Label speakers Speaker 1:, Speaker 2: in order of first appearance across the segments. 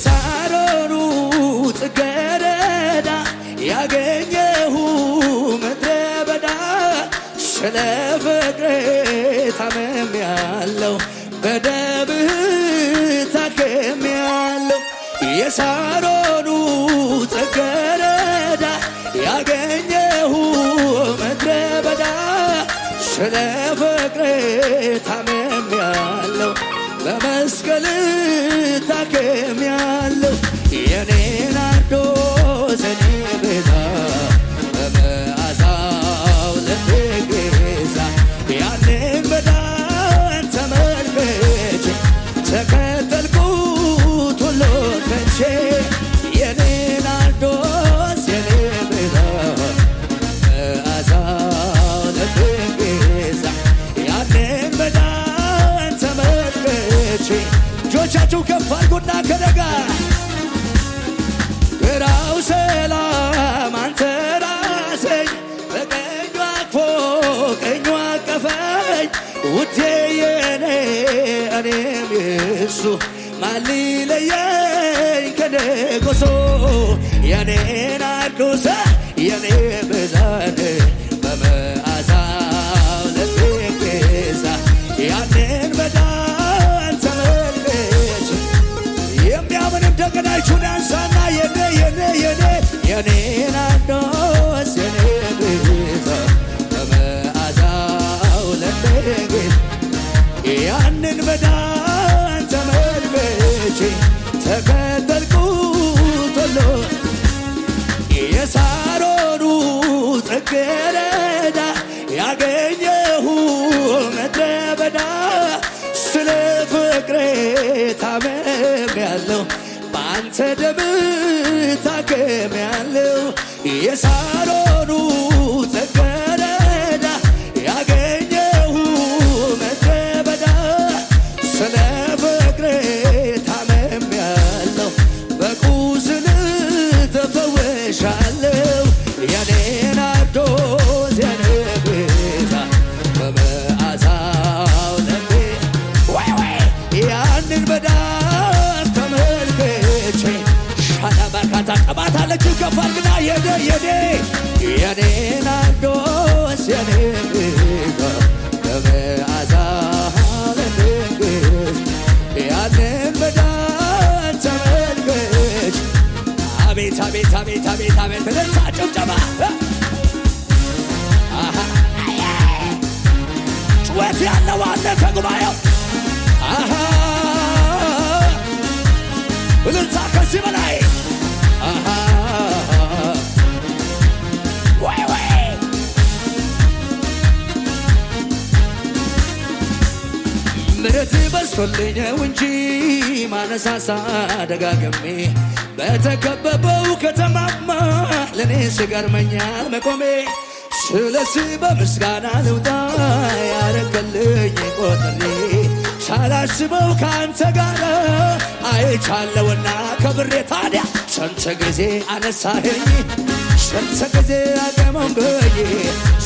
Speaker 1: በሳሮኑ ጥገረዳ ያገኘሁ ምድረ በዳ ስለ ፍቅር ታመም ያለው በደምህ ታክም ያለው የሳሮኑ ጽጌረዳ ያገኘሁ ምድረ በዳ ስለ ፍቅር ታመም በመስቀል ታከሚያለሁ አልለየኝ ከንጉሱ የኔን አዱሰ የኔ ብዛት በመዓዛው ለትጌዛ ያንን በዳን ተመልች የሚያምንም ደግናችሁ ዳንሳና የኔ የኔ የኔ የኔ regresaron. ነገ የኔ የኔን አዶስ የኔ ጌታ ያንን መዳን ተመልከች። አቤት አቤት አቤት አቤት አቤት ብለን ጨብጨባ ጩኸት ያለው አለ ከጉባኤው ደርሶልኝ ነው እንጂ ማነሳሳ ደጋገሜ በተከበበው ከተማማ ለእኔ ሲገርመኛል መቆሜ ስለዚህ በምስጋና ልውጣ ያረገልኝ ቆጥሬ ሳላስበው ከአንተ ጋር አይቻለውና ከብሬ ታዲያ ስንት ጊዜ አነሳኸኝ ስንት ጊዜ አቀመንበኝ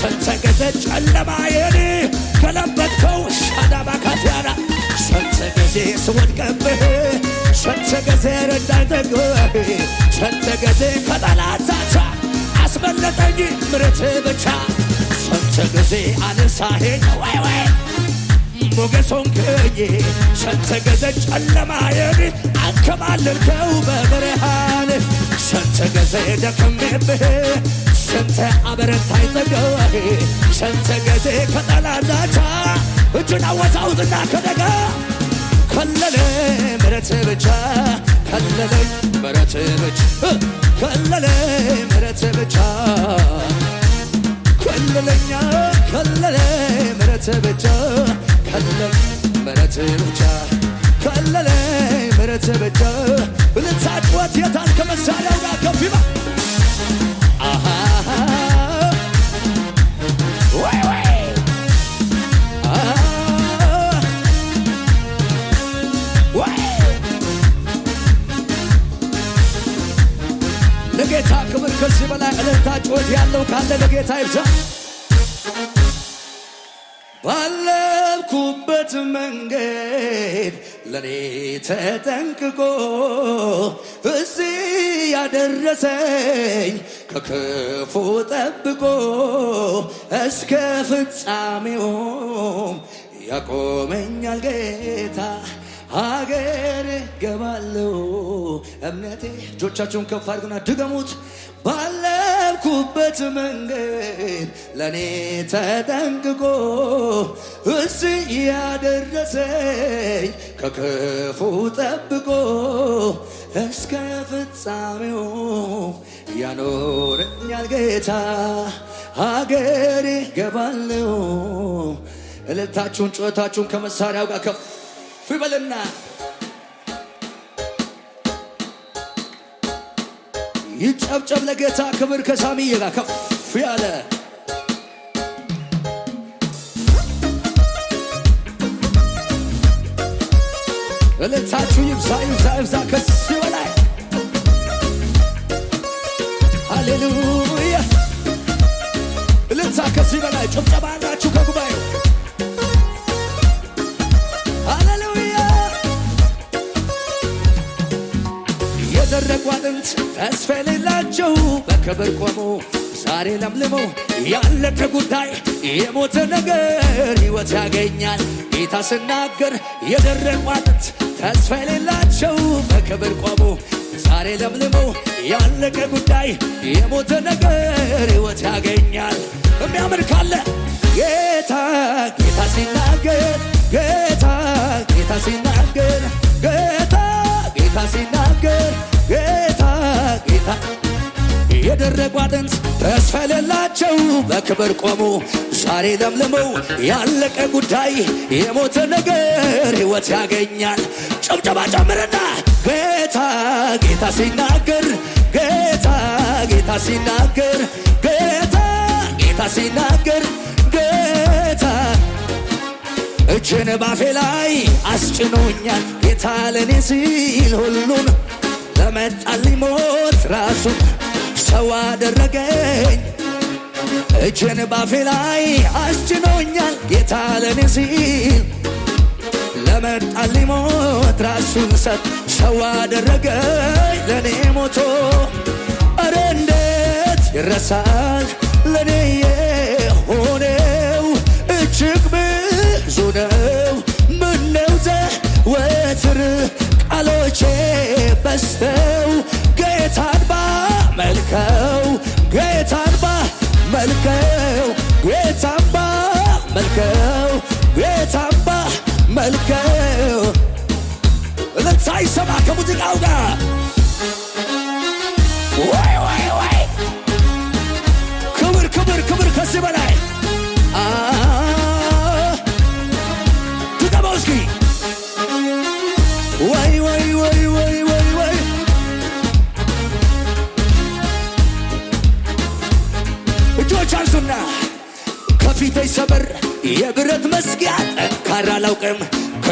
Speaker 1: ስንት ጊዜ ጨለማዬን ከለበትከው ሻዳባካትያና ስንት ጊዜ ስወድቅብህ ስንት ጊዜ ረዳኝ ጠግብህ ስንት ጊዜ ከጠላት ዛቻ አስበለጠኝ ምሕረትህ ብቻ ስንት ጊዜ አነሳኸኝ ወይ ወይ ሞገስ ሆንከኝ ስንት ጊዜ ጨለማዬን አከባለልከው በብርሃን ስንት ጊዜ ደክሜብህ ስንት አበረታኝ ጠግብህ ስንት ጊዜ ከጠላት ዛቻ እጁን አወዛውዝና ከደጋ ከለለ ምረት ብቻ ከለለ ምረት ብቻ ከለለ ምረት ብቻ ከለለኛ ከለለ ምረት ብቻ ከለለ ምረት ብቻ ከለለ ምረት ብቻ ብልታ የታንክ መሳሪያው ጋር ከፊባ ለጌታ ክብር ከዚህ በላይ ዕልልታ ጩኸት ያለው ካለ ለጌታ ይብዛ። ባለብኩበት መንገድ ለኔ ተጠንቅቆ እዚህ ያደረሰኝ ከክፉ ጠብቆ እስከ ፍጻሜውም ያቆመኛል ጌታ አገር ገባለው እምነቴ እጆቻቸውን ከፍ አድርግና ድገሙት። ባለብኩበት መንገድ ለእኔ ተጠንቅቆ እስ ያደረሰኝ ከክፉ ጠብቆ እስከ ፍጻሜው ያኖረኛል ጌታ። አገር ገባለው። እልልታችሁን ጩኸታችሁን ከመሳሪያው ጋር ከፍ ይበልና ይጨብጨብ ለጌታ ክብር ከሳሚዬ ጋር ከፍ ያለ እልልታችሁ ይብዛ ይብዛ ይብዛ ከዚህ በላይ ሃሌሉያ እልልታ ከዚህ በላይ ጭብጨባ አላችሁ አጥንት ተስፋ የሌላቸው በክብር ቆመው ዛሬ ለምልመው ያለቀ ጉዳይ የሞተ ነገር ሕይወት ያገኛል ጌታ ስናገር የደረቁ አጥንት ተስፋ የሌላቸው በክብር ቆመው ዛሬ ለምልመው ያለቀ ጉዳይ የሞተ ነገር ሕይወት ያገኛል የሚያምር ካለ ጌታ ጌታ ሲናገር ጌታ ጌታ ሲናገር ጌታ ጌታ ሲናገር ጌታ ጌታ የደረቁ አጥንት ተስፋ የሌላቸው በክብር ቆሙ ዛሬ ለምልመው ያለቀ ጉዳይ የሞተ ነገር ሕይወት ያገኛል። ጭብጨባ ጨምርና ጌታ ጌታ ሲናገር ጌታ ጌታ ሲናገር ጌታ ጌታ ሲናገር ጌታ እጅን ባፌ ላይ አስጭኖኛል ጌታ ለኔ ሲል ሁሉ እሱ ሰው አደረገኝ እጄን ባፌ ላይ አስጭኖኛል ጌታ ለኔ ሲል ለመጣ ሊሞት ራሱን ሰጥ ሰው አደረገኝ ለኔ ሞቶ እረ እንዴት ይረሳል ለኔ የሆነው እጅግ ብዙ ነው። ምነው ዘወትር ቃሎቼ በስተው ጌታን ባመልከው ጌታን ባመልከው ጌታን ባመልከው ጌታን ባመልከው እልልታ ይሰማ ከሙዚቃው ጋር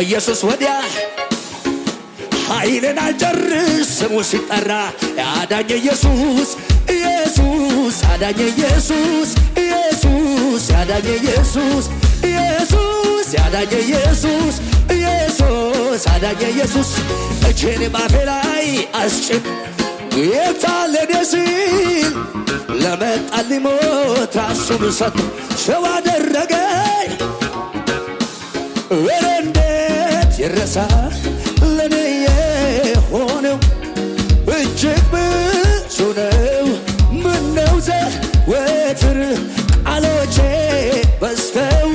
Speaker 1: ከኢየሱስ ወዲያ ኃይልን አልጨርስ ስሙ ሲጠራ አዳኝ ኢየሱስ ኢየሱስ አዳኝ ኢየሱስ ኢየሱስ አዳኝ ኢየሱስ ኢየሱስ አዳኝ ኢየሱስ ኢየሱስ አዳኝ ኢየሱስ እጄን ባፌ ላይ አስጭን ጌታ ለኔ ሲል ለመጣል ሞት ራሱን ሰጥቶ ሰው አደረገኝ ሲረሳ ለኔ የሆነው እጅግ ብዙ ነው። ምነው ዘወትር ቃሎቼ በዝተው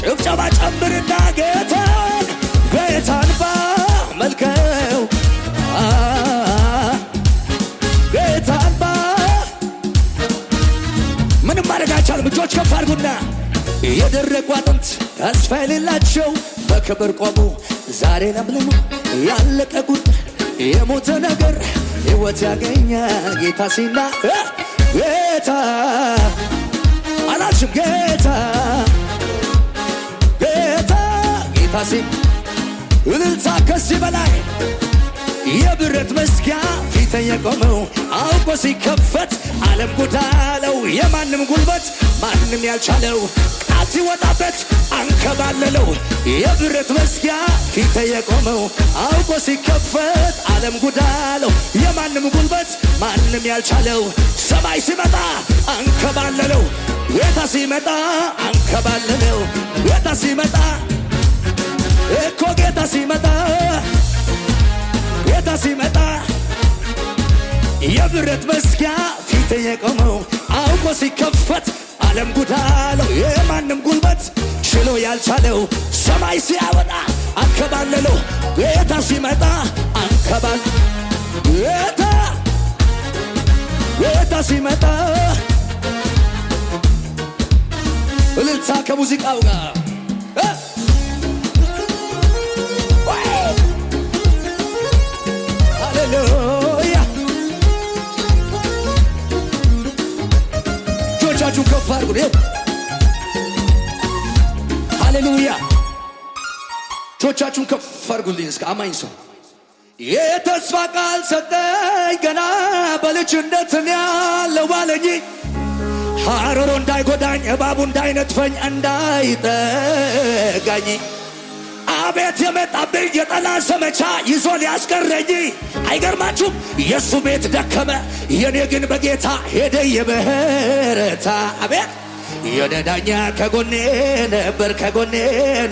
Speaker 1: ጭብጨባ ጨምርና ጌታን ጌታን ባመልከው ጌታን ባ ምንም ማድረግ አይቻልም። እጆች ከፍ አድርጉና የደረቁ አጥንት ተስፋ የሌላቸው በክብር ቆሙ። ዛሬ ለምልሞ ያለቀ ጉዳይ የሞተ ነገር ሕይወት ያገኘ ጌታ ሲና ጌታ አላልሽም ጌታ ጌታ ጌታ ሲ እልልታ ከዚህ በላይ የብረት መዝጊያ ፊት የቆመው አውቆ ሲከፈት ዓለም ጉዳ አለው የማንም ጉልበት ማንም ያልቻለው ቃል ሲወጣበት አንከባለለው የብረት መዝጊያ ፊት የቆመው አውቆ ሲከፈት ዓለም ጉዳ አለው የማንም ጉልበት ማንም ያልቻለው ሰማይ ሲመጣ አንከባለለው ጌታ ሲመጣ አንከባለለው ጌታ ሲመጣ እኮ ጌታ ሲመጣ ጌታ ሲመጣ የብረት መዝጊያ ፊት የቆመው አውቆ ሲከፈት ዓለም ጉዳ አለው። የማንም ጉልበት ችሎ ያልቻለው ሰማይ ሲያወጣ አንከባለለው። ጌታ ሲመጣ አንከባል ጌታ ጌታ ሲመጣ እልልታ ከሙዚቃው ጋር ሃሌሉያ እጆቻችሁን ከፍ አድርጉ። ሃሌሉያ እጆቻችሁን ከፍ አድርጉልኝ እስከ አማኝ ሰው የተስፋ ቃል ሰጠኝ ገና በልጅነት ያለው ባለኝ ሐሩሩ እንዳይጎዳኝ እባቡ እንዳይነጥፈኝ እንዳይጠጋኝ ቤት የመጣብኝ የጠላት ዘመቻ ይዞ ሊያስቀረኝ አይገርማችሁም? የእሱ ቤት ደከመ፣ የኔ ግን በጌታ ሄደ የበረታ። አቤት የኔ ዳኛ ከጎኔ ነበር፣ ከጎኔ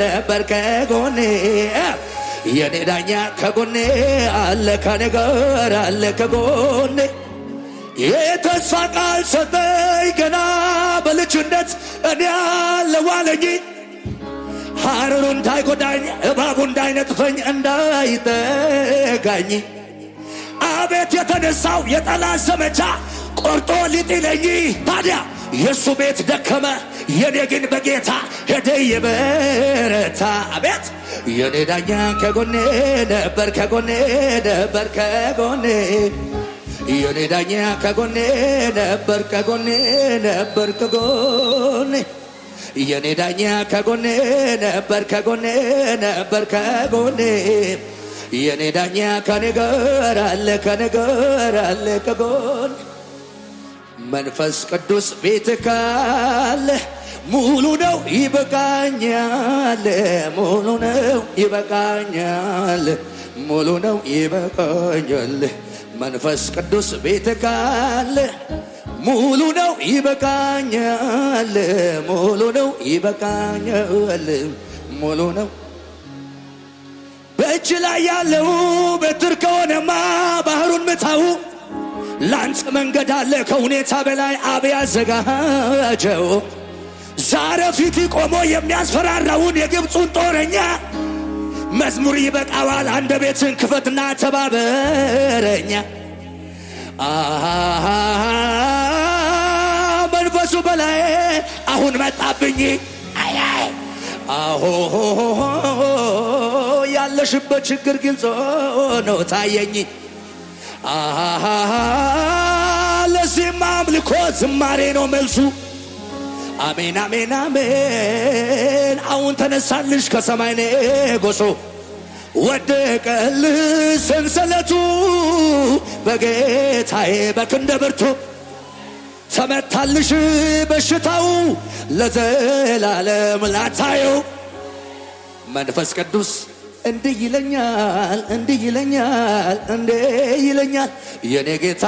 Speaker 1: ነበር፣ ከጎኔ የኔ ዳኛ ከጎኔ አለ፣ ከነገር አለ፣ ከጎኔ የተስፋ ቃል ሰጠኝ ገና በልጅነት እኔ አለዋለኝ ሐረሩ እንዳይጎዳኝ እባቡ እንዳይነጥፈኝ እንዳይጠጋኝ አቤት የተነሳው የጠላት ዘመቻ ቆርጦ ሊጥለኝ ታዲያ የእሱ ቤት ደከመ፣ የኔ ግን በጌታ ሄደ የበረታ። አቤት የኔ ዳኛ ከጎኔ ነበር፣ ከጎኔ ነበር፣ ከጎኔ የኔ ዳኛ ከጎኔ ነበር፣ ከጎኔ ነበር፣ ከጎኔ የኔ ዳኛ ከጎኔ ነበር ከጎኔ ነበር ከጎኔ የኔ ዳኛ ከኔ ጋር አለ ከኔ አለ ከጎን መንፈስ ቅዱስ ቤት ካለ ሙሉ ነው ይበቃኛል፣ ሙሉ ነው ይበቃኛል፣ ሙሉ ነው ይበቃኛል። መንፈስ ቅዱስ ቤት ካለ ሙሉ ነው ይበቃኛል፣ ሙሉ ነው ይበቃኛል፣ ሙሉ ነው በእጅ ላይ ያለው በትር ከሆነማ ባህሩን ምታው። ላንተ መንገድ አለ ከሁኔታ በላይ አብ ያዘጋጀው። ዛሬ ፊት ቆሞ የሚያስፈራራውን የግብፁን ጦረኛ መዝሙር ይበቃዋል። አንድ ቤትን ክፈትና ተባበረኛ በላይ አሁን መጣብኝ አያይ አሆ ያለሽበት ችግር ግልጽ ነው ታየኝ። ለዚህም አምልኮ ዝማሬ ነው መልሱ። አሜን አሜን አሜን። አሁን ተነሳልሽ ከሰማይ ነጎሶ ወደቀል ሰንሰለቱ በጌታዬ በክንደ ብርቱ ተመታልሽ በሽታው ለዘላለም ላታየው መንፈስ ቅዱስ እንዲህ ይለኛል እንዲህ ይለኛል እንዴ ይለኛል የኔ ጌታ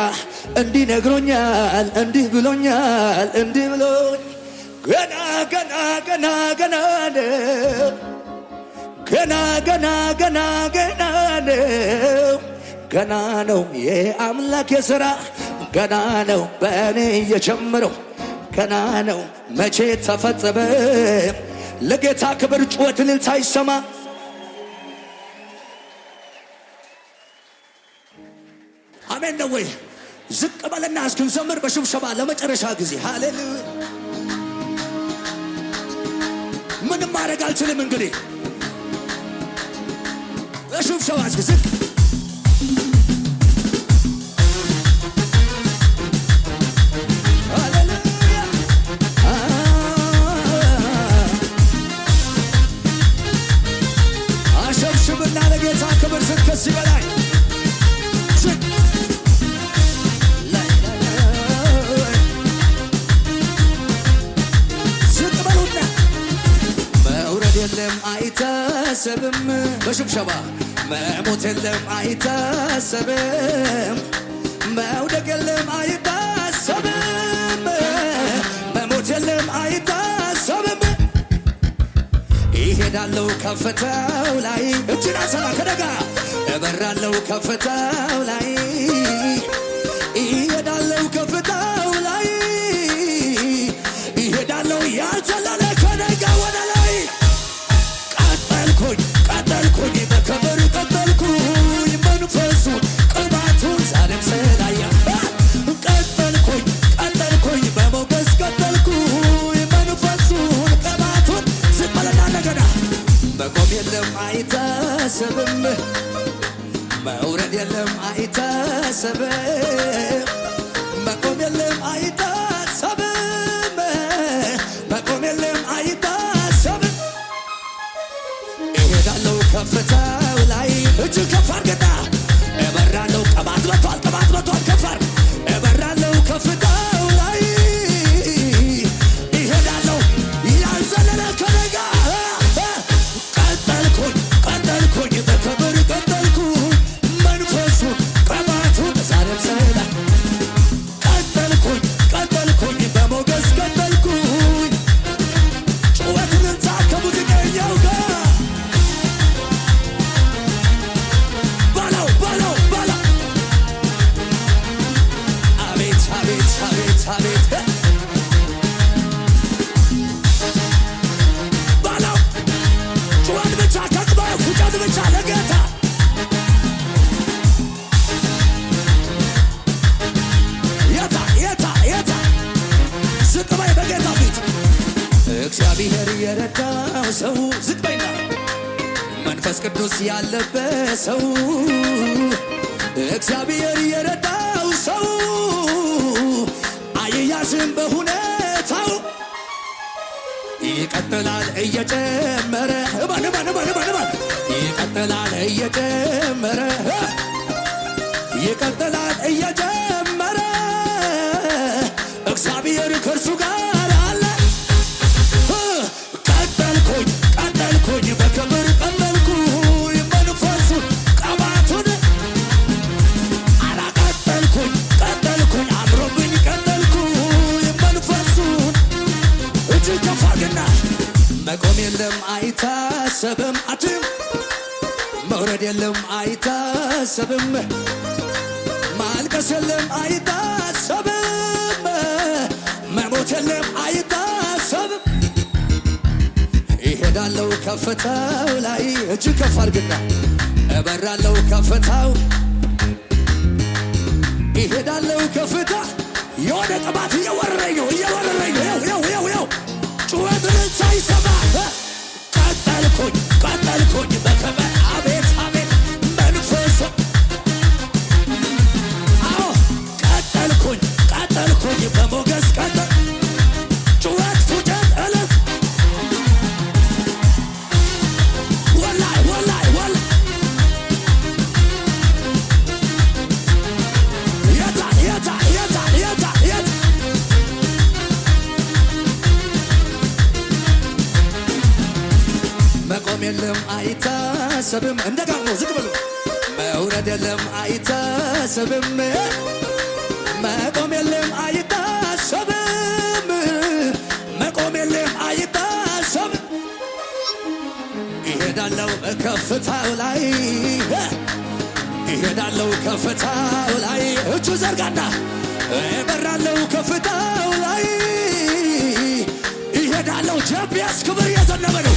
Speaker 1: እንዲህ ነግሮኛል እንዲህ ብሎኛል እንዲህ ብሎኝ ገና ገና ገና ገና ነው ገና ገና ገና ገና ነው ገና ነው የአምላክ የሥራ ገና ነው በእኔ የጀምረው ገና ነው መቼ ተፈጸመ። ለጌታ ክብር ጩኸት እልልታ ይሰማ። አሜን ነው ወይ? ዝቅ በለና እስክንዘምር በሽብሸባ ለመጨረሻ ጊዜ ሃሌሉ ምንም ማድረግ አልችልም። እንግዲህ በሽብሸባ እስኪ ዝቅ ሽብሸባ መሞት የለም አይታሰብም፣ መውደቅ የለም አይታሰብም፣ መሞት የለም አይታሰብም። ይሄዳለው ከፍታው ላይ እጅና ሰባ ከደጋ እበራለው ከፍታው ላይ አይታሰብም መውረድ የለም አይታሰብም ዝቅ መንፈስ ቅዱስ ያለበት ሰው እግዚአብሔር የረዳው ሰው አይያዝም በሁኔታው ይቀጥላል እየጨመረ እባን እባን እባን እባን ይቀጥላል እየጨመረ ይቀጥላል እየጨመረ መቆም የለም አይታሰብም፣ አትም መውረድ የለም አይታሰብም፣ ማልቀስ የለም አይታሰብም፣ መሞት የለም አይታሰብም። ይሄዳለው ከፍታው ላይ እጅ ከፍ አድርግና እበራለው ከፍታው ይሄዳለው ከፍታ የሆነ ቅባት እየወረረኝ ነው እየወረረኝ ነው ጩኸትን ሳይሰማ ቀጠልኩኝ ቀጠልኩኝ በከበ አቤት አቤት መንፈሶ አዎ ቀጠልኩኝ ቀጠልኩኝ በሞገስ የለም አይታሰብም። እንደ ጋሞ ዝቅ በሉ። መውረድ የለም አይታሰብም። መቆም የለም አይታሰብም። መቆም የለም አይታሰብም። ይሄዳለው ከፍታው ላይ ይሄዳለው ከፍታው ላይ እጁ ዘርጋና እበራለው ከፍታው ላይ ይሄዳለው ጀቢያስ ክብር የዘነበ ነው።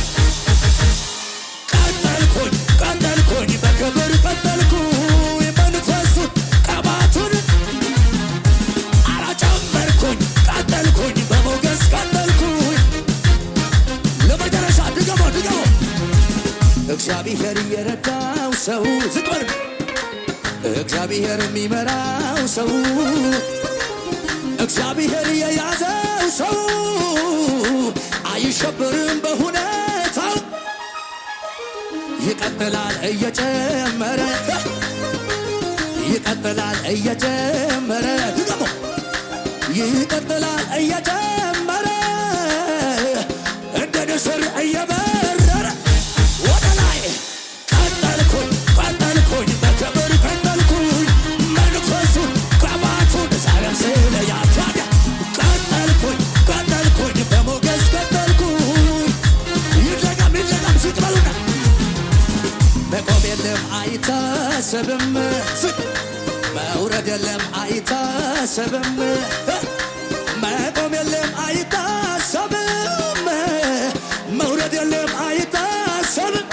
Speaker 1: ሆኝ በክብር ቀጠልኩ የመንፈሱን ቅባቱን አላጨመርኩኝ ቀጠልኩኝ እግዚአብሔር ሰው እግዚአብሔር የሚመራው ሰው እግዚአብሔር የያዘው ሰው አይሸበርም ይቀጥላል እየጨመረ ይቀጥላል እየጨመረ ይቀጥላል እየጨመረ እንደ ንስር እየበ አይታሰብም፣ መውረድ የለም አይታሰብም፣ መቆም የለም አይታሰብም፣ መውረድ የለም አይታሰብም።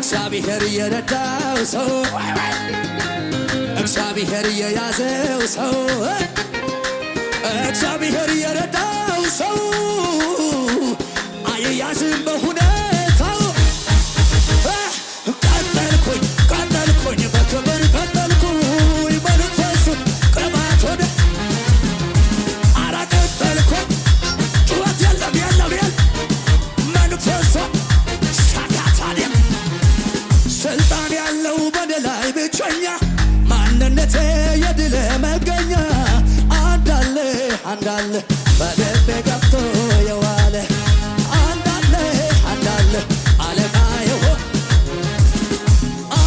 Speaker 1: እግዚአብሔር እየረዳው ሰው እግዚአብሔር እየያዘው ሰው እግዚአብሔር እየረዳው ሰው አይያዝም በሁነ የእምነቴ የድል መገኛ አንዳለ አንዳለ በልቤ ገብቶ የዋለ አንዳለ አንዳለ አለማየሆ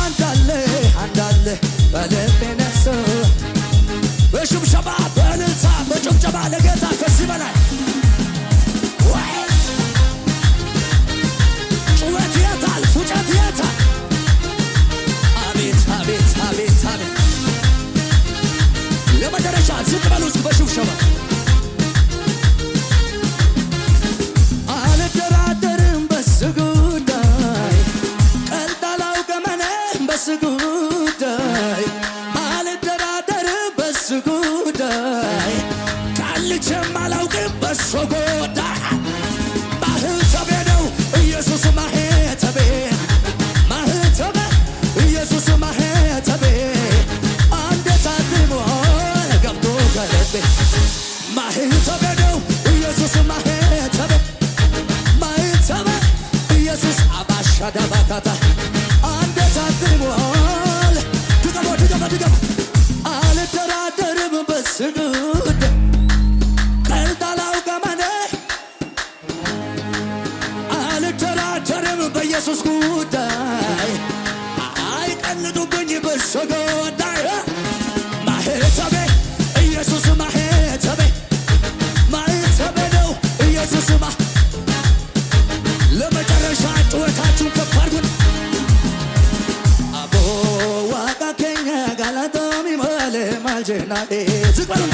Speaker 1: አንዳለ አንዳለ በልቤ ነሶ በሽብሸባ በእልልታ በጭብጨባ ለገ ዝቅ በሉስ በሽብሸባ አልደራደርም በሱ ጉዳይ ቀልድ አላውቅም እኔ በሱ ጉዳይ አቤት ዝቅ በሉ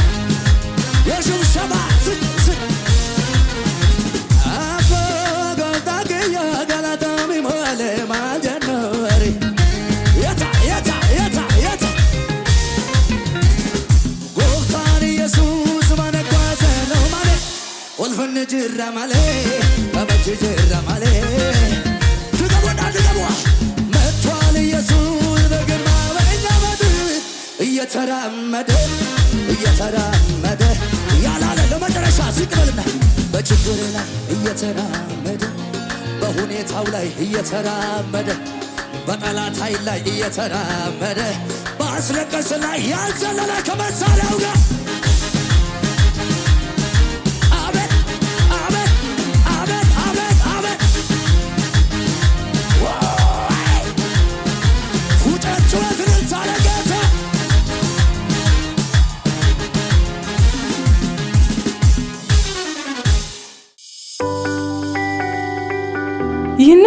Speaker 1: ላይ እየተራመደ በጠላት ኃይል ላይ እየተራመደ በአስለቀስ ላይ ያንዘለለ ከመሳሪያው ጋር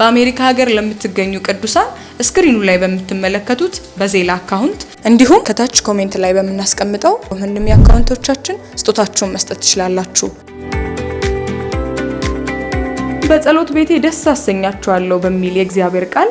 Speaker 2: በአሜሪካ ሀገር ለምትገኙ ቅዱሳን ስክሪኑ ላይ በምትመለከቱት በዜላ አካውንት እንዲሁም ከታች ኮሜንት ላይ በምናስቀምጠው ወንድም አካውንቶቻችን ስጦታችሁን መስጠት ትችላላችሁ። በጸሎት ቤቴ ደስ አሰኛችኋለሁ በሚል የእግዚአብሔር ቃል